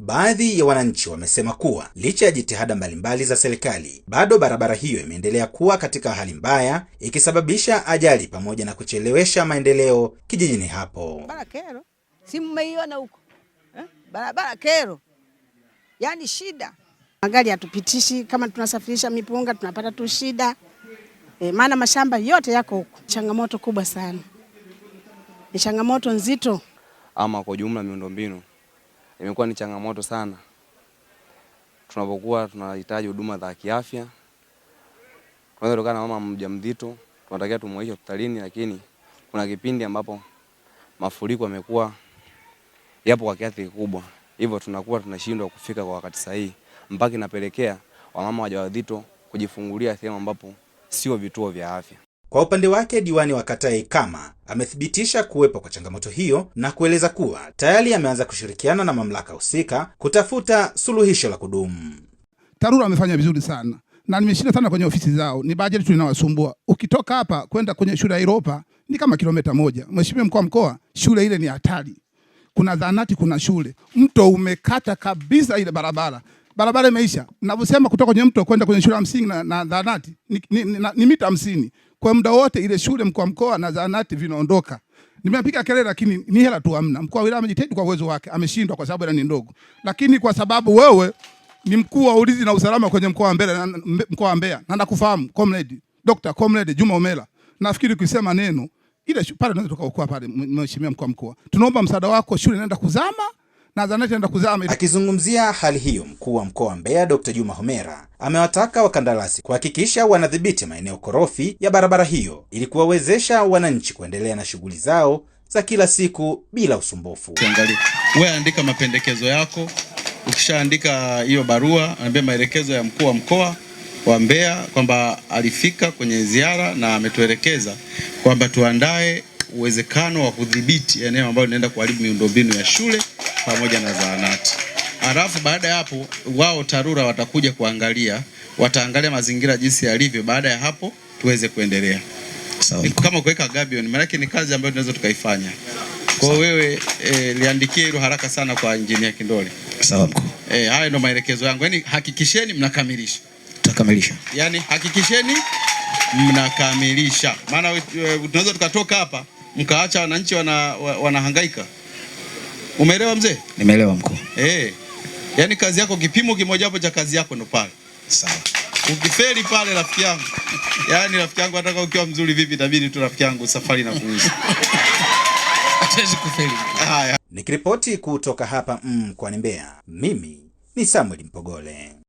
Baadhi ya wananchi wamesema kuwa licha ya jitihada mbalimbali za serikali, bado barabara hiyo imeendelea kuwa katika hali mbaya, ikisababisha ajali pamoja na kuchelewesha maendeleo kijijini hapo. Barabara kero, si mmeiona huko eh? Barabara kero, yaani shida, magari hatupitishi. Kama tunasafirisha mipunga tunapata tu shida e, maana mashamba yote yako huko. Changamoto kubwa sana, ni changamoto nzito. Ama kwa jumla miundombinu imekuwa ni changamoto sana tunapokuwa tunahitaji huduma za kiafya. Kwanza kutokana na mama mjamzito, tunatakiwa tumwaishe hospitalini, lakini kuna kipindi ambapo mafuriko yamekuwa yapo kwa kiasi kikubwa, hivyo tunakuwa tunashindwa kufika kwa wakati sahihi, mpaka inapelekea wamama wajawazito kujifungulia sehemu ambapo sio vituo vya afya. Kwa upande wake diwani wa kata ya Ikama amethibitisha kuwepo kwa changamoto hiyo na kueleza kuwa tayari ameanza kushirikiana na mamlaka husika kutafuta suluhisho la kudumu. TARURA amefanya vizuri sana na nimeshinda sana kwenye ofisi zao, ni bajeti tunawasumbua. Ukitoka hapa kwenda kwenye shule ya Iropa ni kama kilomita moja. Mheshimiwa mkuu wa mkoa, shule ile ni hatari, kuna zanati, kuna shule, mto umekata kabisa, ile barabara barabara imeisha. Navyosema kutoka kwenye mto kwenda kwenye shule ya msingi na na zanati ni, ni, ni, ni mita hamsini. Kwa muda wote ile shule, mkoa mkoa na zahanati vinaondoka. Nimepiga kelele lakini ni hela tu hamna. Mkuu wa wilaya amejitahidi kwa uwezo wake, ameshindwa kwa sababu ni ndogo. Lakini kwa sababu wewe ni mkuu wa ulinzi na usalama kwenye mkoa wa Mbeya, mkoa wa Mbeya na nakufahamu comrade Dr. Comrade Juma Omela, nafikiri ukisema neno ile pale tunaweza tukaokoa pale. Mheshimiwa mkuu wa mkoa, tunaomba msaada wako, shule inaenda kuzama na kuzama. Akizungumzia hali hiyo, mkuu wa mkoa wa Mbeya Dr. Juma Homera amewataka wakandarasi kuhakikisha wanadhibiti maeneo korofi ya barabara hiyo ili kuwawezesha wananchi kuendelea na shughuli zao za kila siku bila usumbufu. Wewe andika mapendekezo yako, ukishaandika hiyo barua, anambia maelekezo ya mkuu wa mkoa wa Mbeya kwamba alifika kwenye ziara na ametuelekeza kwamba tuandae uwezekano wa kudhibiti eneo ambalo linaenda kuharibu miundombinu ya shule pamoja na zahanati. Alafu baada ya hapo wao TARURA watakuja kuangalia, wataangalia mazingira jinsi yalivyo. Baada ya hapo tuweze kuendelea. Sawa. Kama kuweka gabion, maana ni kazi ambayo tunaweza tukaifanya. Kwa hiyo wewe e, liandikie hilo haraka sana kwa injinia Kindole. Sawa mkuu. Eh, haya ndo maelekezo yangu. Yaani hakikisheni mnakamilisha. Tutakamilisha. Yaani hakikisheni mnakamilisha. Maana eh, tunaweza tukatoka hapa mkaacha wananchi wanahangaika wana Umeelewa mzee? Nimeelewa mkuu. Eh. Yaani kazi yako kipimo kimoja hapo cha kazi yako ndo pale. Sawa. Ukifeli pale rafiki yangu. Yaani rafiki yangu hata ukiwa mzuri vipi tabidi tu rafiki yangu safari na kuuza. Hatuwezi kufeli. Haya. Nikiripoti kutoka hapa mkoani Mbeya. Mimi ni Samuel Mpogole.